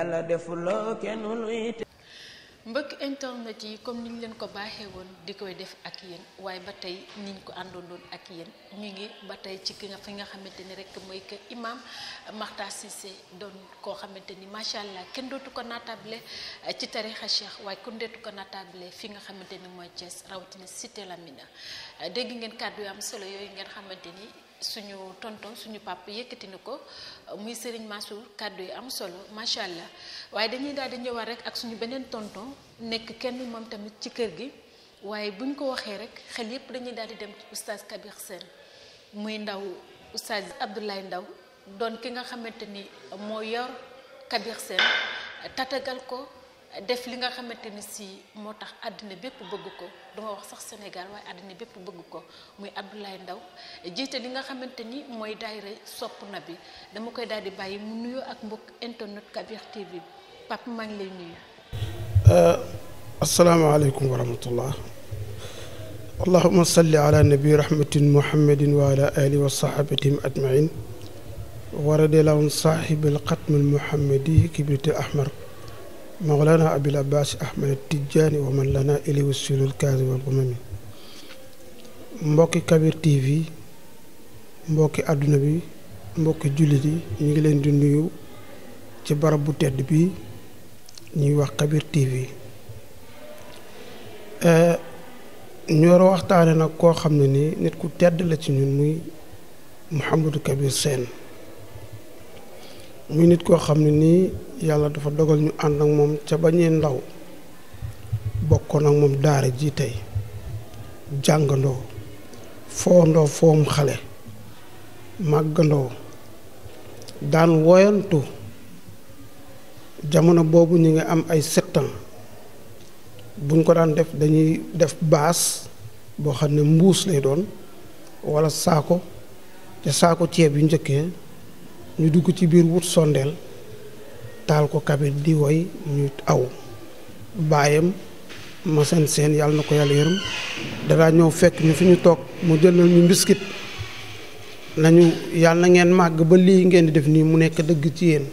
yàlla defuloo kenn luy te mbëkk internet yi comme niñ leen ko baaxee woon di koy def ak yéen waaye ba tey niñ ko àndoon àndandoon ak yéen ñu ngi ba tey ci ki nga fi nga xamante ni rek mooy que imam Makhtar Cissé doon koo xamante ni macha allah kenn dootu ko naatable ci tarixa cheikh waaye kenn dootu ko naatable fi nga xamante ni mooy Thiès rawatina cité Lamina dégg ngeen kàddu yu am solo yooyu ngeen xamante ni. suñu tonton suñu papa yëkkati na ko muy Serigne Mansour kàddu yi am solo macha allah waaye dañuy daal di ñëwaat rek ak suñu beneen tonton nekk kenn moom tamit ci kër gi waaye buñ ko waxee rek xel yépp dañuy daal di dem ci oustaz Kabir Sène muy ndaw oustaz Abdoulaye Ndaw doon ki nga xamante ni moo yor Kabir Sène tatagal ko. def li nga xamante ne sii moo tax àddina bépp bëgg ko duma wax sax Sénégal waaye àddina bépp bëgg ko muy Abdoulaye Ndaw jiite li nga xamante ni mooy daayira sopp na bi dama koy daal di bàyyi mu nuyoo ak mbokk internet Kabir TV Pape maa ngi lay nuyu. Euh, asalaamaaleykum wa rahmatullah allahuma salli ala nabi rahmatin muhammadin wa ala ali wa sahabatihim ajmain wa ahmar mawlana abil abbas ahmad tijjaani wa man lana iliwu silul kaasi wal umami mbokki kabir tv mbokki àdduna bi mbokki jullit yi ñu ngi leen di nuyu ci barab bu tedd bi ñuy wax kabir tv eh, ñu war waxtaane nag koo xam ne nii nit ku tedd la ci ñun muy Mouhamadou Kabir Sène muy nit koo xam ne nii yàlla dafa dogal ñu ànd ak moom ca bañee ndaw bokkoon ak moom daara ji tey jàngandoo foondoo foom xale màggandoo daan woyantu jamono boobu ñu ngi am ay sept ans buñ ko daan def dañuy def baas boo xam ne mbuus lay doon wala saako te saako ceeb yu njëkkee ñu dugg ci biir wut sondeel taal ko kabit di woy ñu aw baayam masen seen yàlla na ko yàlla yërëm danaa ñëw fekk ñu fi ñu toog mu jëlal ñu mbiskit nañu yàlla na ngeen màgg ba lii ngeen di def nii mu nekk dëgg ci yéen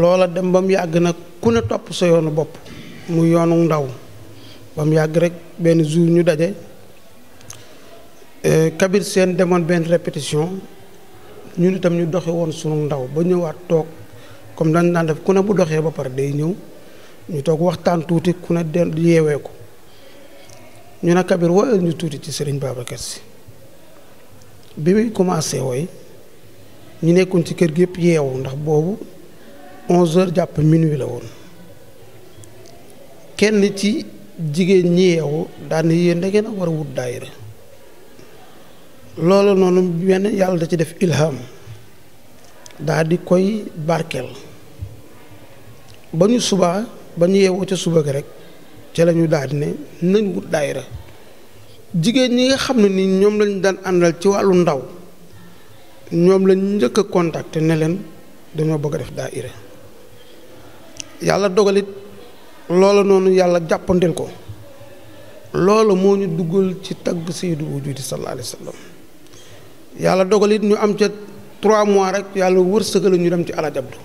loola dem ba mu yàgg na ku ne topp sa yoonu bopp mu yoonu ndaw ba mu yàgg rek benn jour ñu daje eh, kabir seen demoon benn répétition ñun itam ñu doxe woon sunu ndaw ba ñëwaat toog comme dañ daan def ku ne bu doxee ba pare day ñëw ñu toog waxtaan tuuti ku ne de yeewee ko ñu ne Kabir woyal ñu tuuti ci Serigne Babacar Sy bi muy commencé woy ñu nekkoon ci kër gi yëpp yeewu ndax boobu onze heures jàpp minuit la woon kenn ci jigéen ñi yeewu daan yéen da ngeen a war a wut daayira loolu noonu wenn yàlla da ci def ilham daa koy barkeel ba ñu subaa ba ñu yeewoo ca suba ga rek ca la ñu daal ne nañ wut daayira jigéen ñi nga xam ne ni ñoom lañu daan àndal ci wàllu ndaw ñoom lañ njëkk a contacté ne leen dañoo bëgg a def daayira yàlla dogalit loola noonu yàlla jàppandil ko loolu moo ñu duggal ci tagg sayyidu wujudi di alayhi wa yàlla dogal it ñu am ca trois mois rek yàlla wërsëgal ñu dem ci alaaj abdu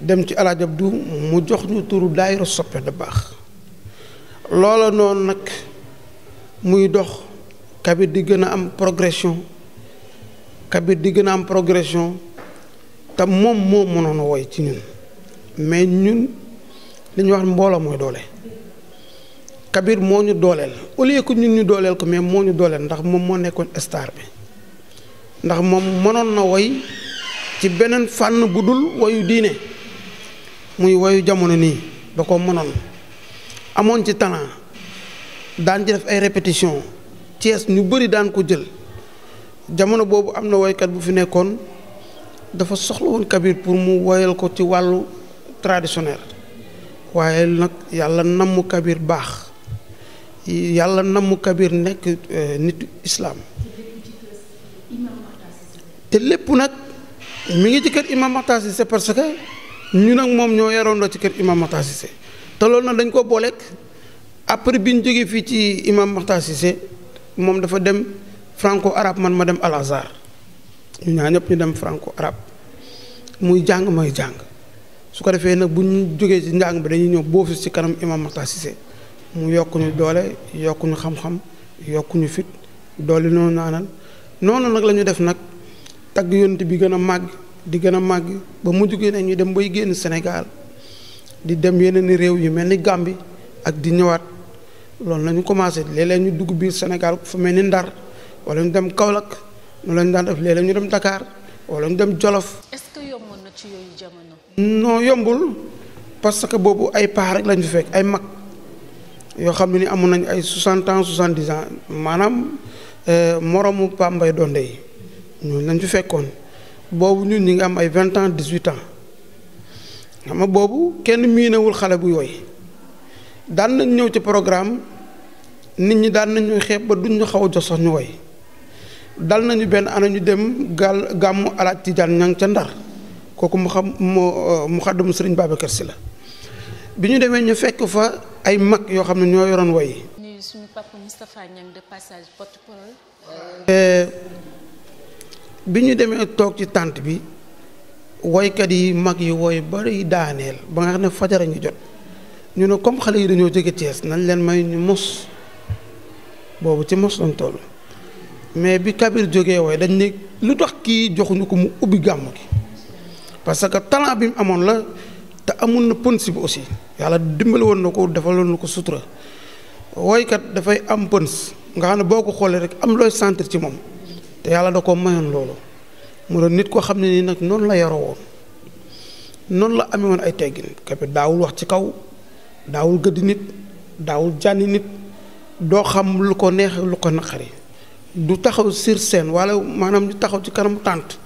dem ci alaaj du mu jox ñu turu daayira soppe da baax loola noonu nag muy dox kabit di gën a am progression kabit di gën a am progression te moom moo mënoon a woy ci ñun mais ñun li ñuy wax mbooloo mooy doole Kabir moo ñu dooleel au lieu que ñun ñu dooleel ko mais moo ñu dooleel ndax moom moo nekkoon star bi ndax moom mënoon na woy ci beneen fànn bu dul woyu diine muy woyu jamono nii da ko mënoon amoon ci talent daan ci def ay répétition Thiès ñu bëri daan ko jël jamono boobu am na woykat bu fi nekkoon dafa soxla woon Kabir pour mu woyal ko ci wàllu traditionnel waaye nag yàlla namm Kabir baax yàlla namu kabir nekk euh, nit islaam te lépp nag mi ngi ci kër imam Makhtar Cissé parce que ñu nag moom ñoo yaroondoo ci kër imam Makhtar Cissé te loolu nag dañ koo booleeg après bi ñu jógee fii ci imam Makhtar moom dafa dem franco arab man ma dem al azhar ñu ñaa ñëpp ñu dem franco arab muy jàng may jàng su ko defee nag bu ñu jógee ci njàng bi dañuy ñëw boofu ci kanam imam Makhtar Cissé mu yokk ñu doole yokk ñu xam-xam yokk ñu fit doole noonu naanal noonu nag lañu def nag tagg yont bi gën a màgg di gën a màgg ba mujj gi ne ñu dem bay génn Sénégal di dem yeneen réew yu mel ni gàmbi ak di ñëwaat loolu la ñu commencé léeg-léeg ñu dugg biir Sénégal fu mel ni Ndar wala ñu dem Kaolack ñu lañu daan def léeg ñu dem ndakaar wala ñu dem Jolof. est-ce jamono. non yombul parce que boobu ay paa rek lañu fekk ay mag. yoo xam ne ni amoon nañ ay soixante ans soixante-dix ans maanaam euh, moromu Pape Mbaye Donde yi ñooñu lañ fekkoon boobu ñun ñi ngi am ay vingt ans dix-huit ans boobu kenn miinewul xale bu yooy daan nañ ñëw ci programme nit ñi daan nañ ñuy xeeb ba duñ ñu xaw a jox ñu woy dal nañu benn ana ñu dem gaal gàmmu alaaj Tijaan ñang ca Ndar kooku mu mu euh, mu xàddamu sëriñ Babacar Si la ñu fekk fa ay mag yoo xam ne ñoo yoroon woy yi. nuyu suñu papa Moustapha de passage porte eh, bi ñu demee toog ci tànt bi woykat yi mag yi woy bari daaneel ba nga xam ne fajara ñu jot ñu ne comme xale yi dañoo jóge Thiès nañ leen may ñu mos boobu ci mos lañ toll mais bi Kabir jógee woy dañ ne lu tax kii joxuñu ko mu ubbi gàmm gi parce que talent bi mu amoon la. te amul na pëns bi aussi yàlla dimbali woon na ko defaloon na ko sutura woykat dafay am pëns nga xam ne boo ko xoolee rek am looy sentir ci moom te yàlla da koo mayoon loolu mu doon nit koo xam ne nii nag noonu la yaroo woon noonu la amee woon ay teggin kapi daawul wax ci kaw daawul gëdd nit daawul jànni nit doo xam lu ko neex lu ko naqari du taxaw sur scène wala maanaam du taxaw ci kanamu tànt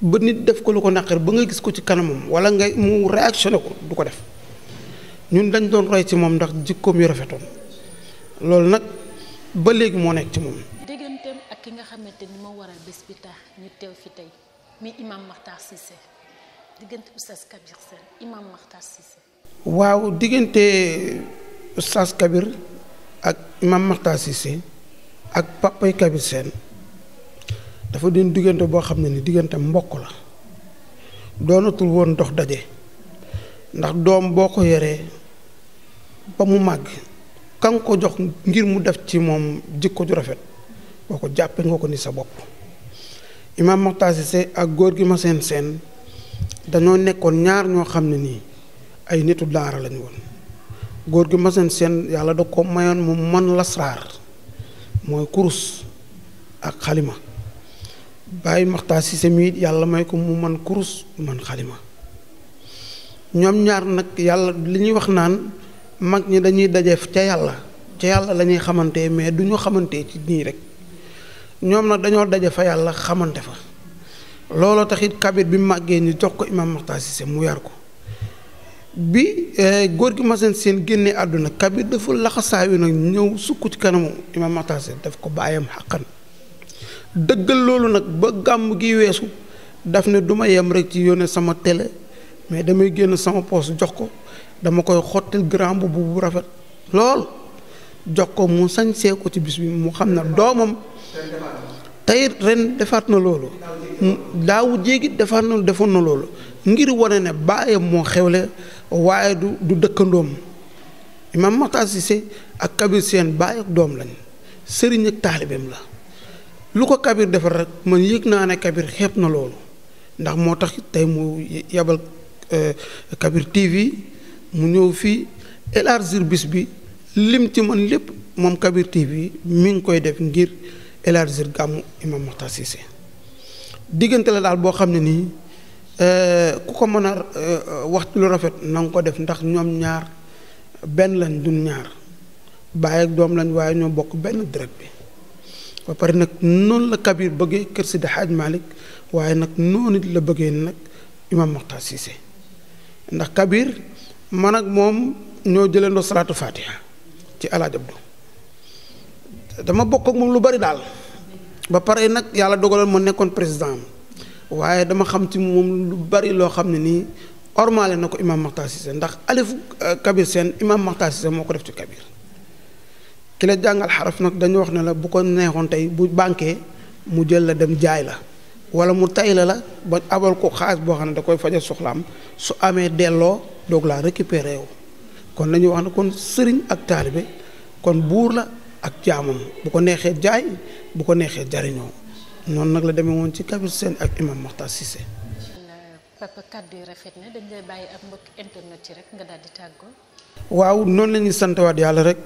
ba nit def ko lu ko naqar ba nga gis ko ci kanamam wala ngay mu réactionné ko du ko def ñun dañ doon roy ci moom ndax jikkoom yu rafetoon loolu nag ba léegi moo nekk ci moom. dégganteem ak ki nga xamante ni moo waral bés bi tax ñu teew fi tey mi imam Makhtar Cissé diggante oustaz Kabir Sène imam waaw diggante oustaz Kabir ak imam Makhtar Cissé ak papay Kabir Sène dafa doon diggante boo xam ne ni diggante mbokk la doonatul woon dox daje ndax doom boo ko yoree ba mu màgg kan ko jox ngir mu def ci moom jikko ju rafet boo ko jàppee nga ko ni sa bopp Imam Makhtar Cissé ak góor gi ma seen seen dañoo nekkoon ñaar ñoo xam ne nii ay nitu daara lañu woon góor gi ma seen seen yàlla da ko mayoon mu la lasraar mooy kurus ak xalima Baye Makhtar Cissé mi yàlla may ko mu man kurus man xalima ñoom ñaar nag yàlla li ñuy wax naan mag ñi dañuy dajeef ca yàlla ca yàlla la ñuy xamante mais du ñu xamante ci nii rek ñoom nag dañoo daje fa yàlla xamante fa looloo taxit kabir bi màggee ñu jox ko imam Makhtar Cissé mu yar ko bi eh, góor gi ma seen seen génnee àdduna kabir dafa laxasaayu nag ñëw sukk ci kanamu imam Makhtar Cissé daf ko bàyyam xaqan dëggal loolu nag ba gàmm gi weesu daf ne du ma yem rek ci yónnee sama télé mais damay génn sama poos jox ko dama koy xottil grand mbubb bu rafet lool jox ko mu sañsee ko ci bis bi mu xam ne doomam tey ren defaat na loolu daawu jéegi defaat na defoon na loolu ngir wane ne baayam moo xewle waaye du du dëkkandoom Imam Makhtar Cissé ak Kabir Sène baay ak doom lañ sëriñ ak taalibeem la lu ko Kabir defar rek man yëg naa ne Kabir xeeb na loolu ndax moo tax tey mu yebal euh, Kabir TV mu ñëw fii élargir bis bi lim ci man lépp moom Kabir TV mi ngi koy def ngir élargir gàmmu Imam Makhtar si diggante la daal boo xam ne nii euh, ku ko mën a euh, wax lu rafet na nga ko def ndax ñoom ñaar benn lañ dun ñaar bàyyi doom lañu waaye ñoo bokk benn deret bi ba pare nag noonu la Kabir bëggee kër Sidi Hadj Malick waaye nag noonu la bëggee nag Imam Makhtar ndax Kabir man ak moom ñoo jëlandoo salaatu fatiha ci alaaj Abdu dama bokk ak moom lu bari daal ba pare nag yàlla dogaloon ma nekkoon président am waaye dama xam ci moom lu bari loo xam ne nii ormaale na ko Imam Makhtar ndax alifu Kabir seen Imam Makhtar moo ko def ci Kabir. kila jàngal xaraf nag dañu wax ne la bu ko neexoon tey bu banquee mu jël la dem jaay la wala mu tay la la ba abal ko xaalis boo xam ne da koy fajal soxlaam su amee delloo doog laa récupéré wu kon dañuy wax ne kon sëriñ ak taalibe kon buur la ak jaamam bu ko neexee jaay bu ko neexee jariñoo noonu nag la demee woon ci Kabir Sène ak imam Makhtar Cissé. papa kàddu yi rafet na dañ lay bàyyi ak rek nga daal di tàggoo. waaw noonu la yàlla rek.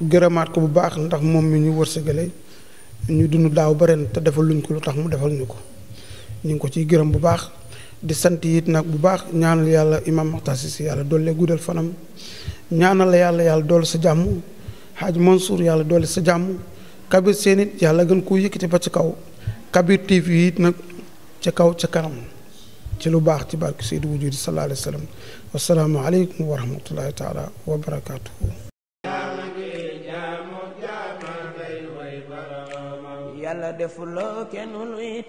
gërëmaat ko bu baax ndax moom mi ñu wërsëgale ñu dund daaw ba ren te defal luñ ko lu tax mu defal ñu ko ñu ngi ko ciy gërëm bu baax di sant it nag bu baax ñaanal yàlla imam Makhtar Cissé yàlla doole guddal fanam ñaanal yàlla yàlla doole sa jàmm Hadj Mansour yàlla doole sa jàmm Kabir Sène it yàlla gën koo yëkkati ba ci kaw Kabir TV it nag ca kaw ca kanam ci lu baax ci barke Seydou Wujudi sallallahu alayhi wa sallam wasalaamu aleykum wa rahmatullahi taala dara defuloo kenn luy